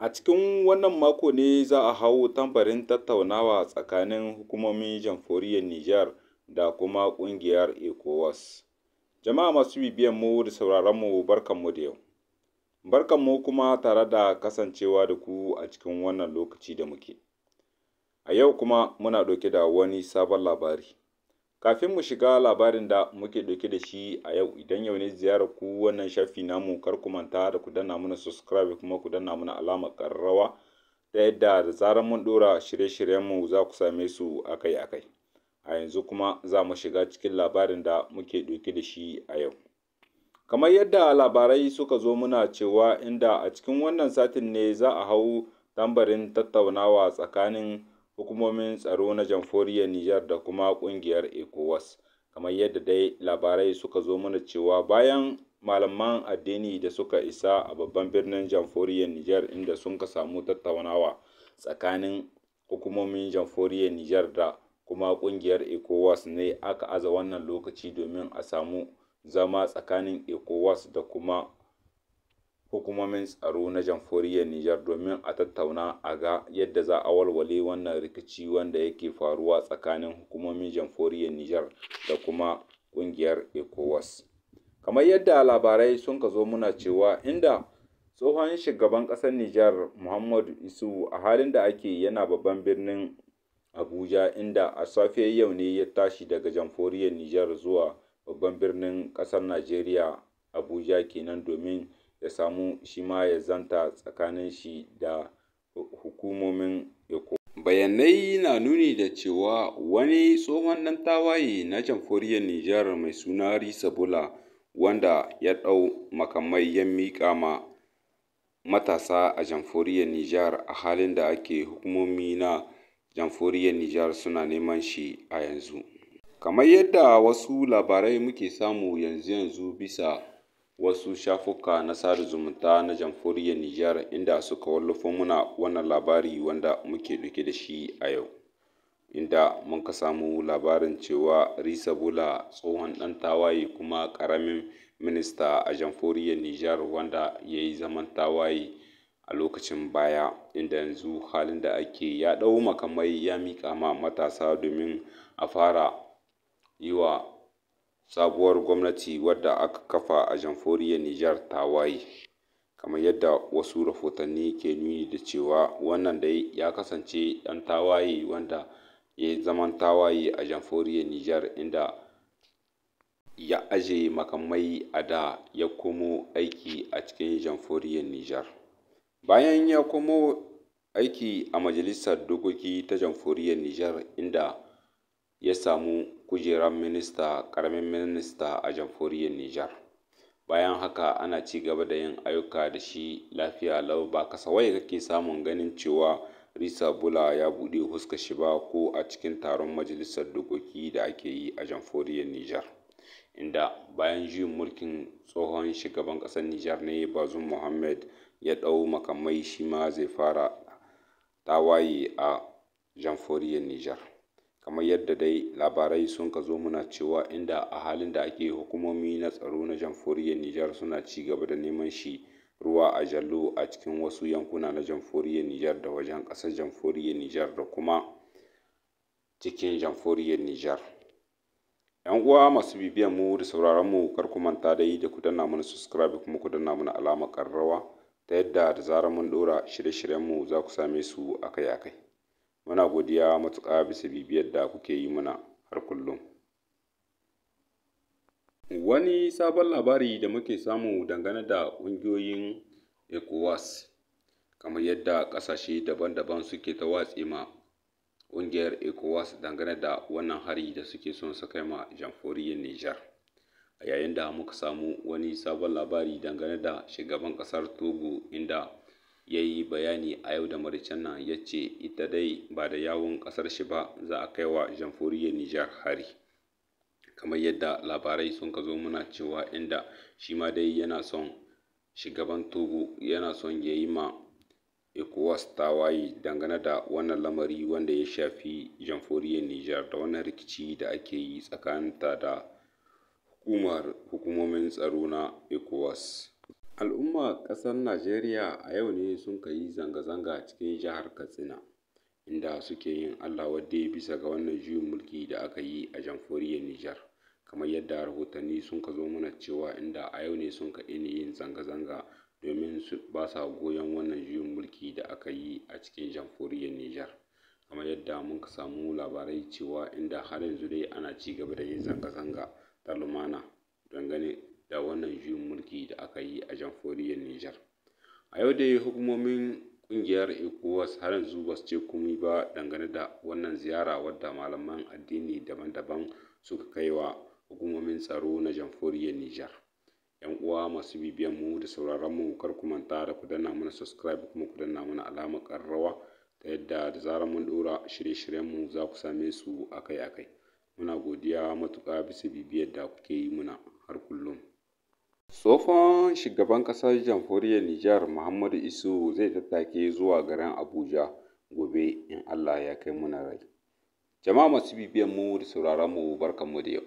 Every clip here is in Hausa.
A cikin wannan mako ne za a hau tambarin tattaunawa tsakanin hukumomin jamhuriyar Nijar da kuma ƙungiyar ECOWAS. Jama'a masu bibiyan mu da sauraron mu barkan mu da yau. Barkan mu kuma tare da kasancewa da ku a cikin wannan lokaci da muke. A yau kuma muna ɗauke da wani sabon labari. Kafin mu shiga labarin da muke ɗauke da shi a yau idan yau ne ziyarar ku wannan shafi namu kar ku manta da ku danna mana subscribe kuma ku danna mana alamar ƙararrawa ta yadda da zarar mun ɗora shirye-shiryenmu za ku same su akai-akai. A yanzu kuma za mu shiga cikin labarin da muke ɗauke da shi a yau. Kamar yadda labarai suka zo muna cewa inda a cikin wannan satin ne za a hau tambarin tattaunawa tsakanin hukumomin tsaro na jamhuriyar Nijar da kuma kungiyar ECOWAS. Kamar yadda dai labarai suka zo mana cewa bayan malaman addini da suka isa a babban birnin jamhuriyar Nijar inda sun ka samu tattaunawa tsakanin hukumomin jamhuriyar Nijar da kuma kungiyar ECOWAS ne aka aza wannan lokaci domin a samu zama tsakanin ECOWAS da kuma hukumomin tsaro na jamhuriyar Nijar domin a tattauna a ga yadda za a walwale wannan rikici wanda yake faruwa tsakanin hukumomin jamhuriyar Nijar da kuma kungiyar ECOWAS. Kamar yadda labarai sun ka zo muna cewa inda tsohon shugaban ƙasar Nijar Muhammadu Isu a halin da ake yana babban birnin Abuja inda a safe yau ne ya tashi daga jamhuriyar Nijar zuwa babban birnin ƙasar Najeriya Abuja kenan domin ya samu shi ma ya zanta tsakanin shi da hukumomin Eko. Bayanai na nuni da cewa wani tsohon ɗan tawaye na jamhuriyar Nijar mai suna bula wanda ya ɗau makamai ya miƙa ma matasa a jamhuriyar Nijar a halin da ake hukumomi na jamhuriyar Nijar suna neman shi a yanzu. Kamar yadda wasu labarai muke samu yanzu-yanzu bisa wasu shafuka na sada zumunta na jamhuriyar Nijar inda suka wallafa muna wannan labari wanda muke ɗauke da shi a yau. Inda mun ka samu labarin cewa Risa Bula tsohon ɗan tawaye kuma ƙaramin minista a jamhuriyar Nijar wanda ya yi zaman tawaye a lokacin baya inda yanzu halin da ake ya ɗau makamai ya miƙa ma matasa domin a fara yi wa sabuwar gwamnati wadda aka kafa a jamhuriyar Nijar ta waye, kamar yadda wasu rahotanni ke nuni da cewa wannan da ya kasance ɗan tawaye wanda ya yi zaman tawaye a jamhuriyar Nijar inda ya aje makamai a da ya komo aiki a cikin jamhuriyar Nijar. Bayan ya komo aiki a Majalisar Dokoki ta Jamhuriyar Nijar inda ya samu kujerar minista ƙaramin minista a jamhuriyar Nijar. Bayan haka ana ci gaba da yin ayyuka da shi lafiya lau ba kasawai kake samun ganin cewa Risa Bula ya buɗe huska shi ba ko a cikin taron majalisar dokoki da ake yi a jamhuriyar Nijar. Inda bayan juyin mulkin tsohon shugaban ƙasar Nijar ne Bazum Mohammed ya ɗau makamai shi ma zai fara tawaye a jamhuriyar Nijar. kamar yadda dai labarai sun ka zo muna cewa inda a halin da ake hukumomi na tsaro na jamhuriyar Nijar suna ci gaba da neman shi ruwa a jallo a cikin wasu yankuna na jamhuriyar Nijar da wajen ƙasar jamhuriyar Nijar da kuma cikin jamhuriyar Nijar. ‘Yan uwa masu bibiyan mu da sauraron mu kar ku manta dai da ku danna mana subscribe kuma ku danna mana alamar ƙararrawa ta yadda da zarar mun ɗora shirye-shiryen mu za ku same su akai-akai. muna godiya matuƙa bisa bibiyar da kuke yi muna har kullum wani sabon labari da muke samu dangane da ƙungiyoyin ecowas kamar yadda ƙasashe daban-daban suke ta watse ma ƙungiyar ecowas dangane da wannan hari da suke son su kai ma jamhuriyar nijar a yayin da muka samu wani sabon labari dangane da shugaban ƙasar togo inda ya yi bayani a yau da maraicen nan ya ce ita dai ba da yawon ƙasar shi ba za a kai wa jamhuriyar Nijar hari. Kamar yadda labarai sun ka zo muna cewa inda shi ma dai yana son shugaban Togo yana son ya yi ma ECOWAS tawaye dangane da wannan lamari wanda ya shafi jamhuriyar Nijar da wannan rikici da ake yi tsakaninta da hukumar hukumomin tsaro na ECOWAS. Al'umma ƙasar najeriya a yau ne sun yi zanga-zanga cikin jihar Katsina, inda suke yin Allah-wadai bisa ga wannan juyin mulki da aka yi a jamhuriyar Nijar, kamar yadda rahotanni sun ka zo mana cewa inda a yau ne ka ini yin zanga-zanga domin ba sa goyon wannan juyin mulki da aka yi a cikin jamhuriyar Nijar, kamar yadda mun ka samu labarai cewa inda har yanzu dai ana ci gaba da yin zanga-zanga ta lumana don da wannan juyin mulki da aka yi a jamhuriyar Nijar. A yau dai hukumomin ƙungiyar ECOWAS har yanzu ba su ce komai ba dangane da wannan ziyara wadda malaman addini daban-daban suka kai wa hukumomin tsaro na jamhuriyar Nijar. 'Yan uwa masu bibiyan mu da sauraron mu kar ku manta da ku danna mana subscribe kuma ku danna mana alamar karrawa ta yadda da zarar mun ɗora shirye-shiryenmu za ku same su akai-akai. Muna godiya matuƙa bisa bibiyar da kuke yi muna. Tsohon shugaban ƙasar jamhuriyar Nijar Muhammadu Isuhu zai tattake zuwa garin Abuja gobe in Allah ya kai muna rai. Jama'a masu bibiyan mu da sauraron mu barkanmu da yau.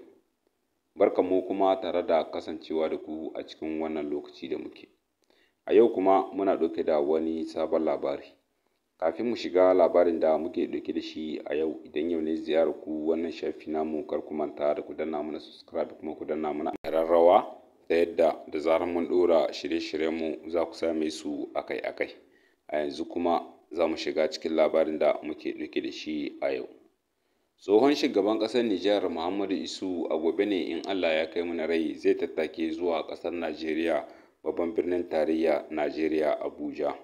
Barkanmu kuma tare da kasancewa da ku a cikin wannan lokaci da muke. A yau kuma muna ɗauke da wani sabon labari. Kafin mu shiga labarin da muke ɗauke da shi a yau idan yau ne ziyarar ku wannan shafi namu kar ku manta da ku danna mana subscribe kuma ku danna mana rawa ta yadda da zarar mun ɗora shirye-shiryenmu za ku same su akai-akai a yanzu kuma za mu shiga cikin labarin da muke ɗauke da shi a yau tsohon shugaban ƙasar nijar muhammadu isu a gobe ne in allah ya kai mana rai zai tattake zuwa ƙasar najeriya babban birnin tarayya najeriya abuja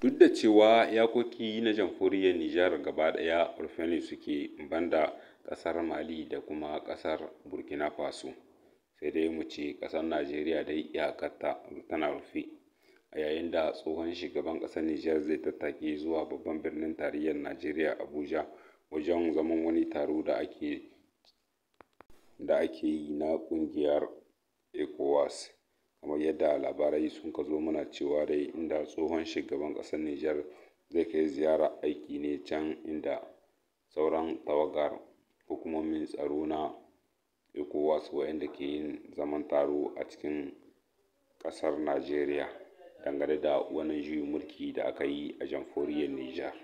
duk da cewa yakoki na jamhuriyar nijar gaba ɗaya rufe suke banda ƙasar mali da kuma ƙasar burkina faso sai dai mu ce ƙasar najeriya dai iyakarta tana rufe a yayin da tsohon shugaban ƙasar nijar zai tattaki zuwa babban birnin tarayyar najeriya abuja wajen zaman wani taro da ake da ake yi na ƙungiyar ecowas kamar yadda labarai sun ka zo mana cewa dai inda tsohon shugaban ƙasar nijar zai kai ziyara aiki ne can inda sauran tawagar hukumomin tsaro na ECOWAS wa'inda ke yin zaman taro a cikin ƙasar Najeriya dangane da wani juyin mulki da aka yi a jamhuriyar Nijar.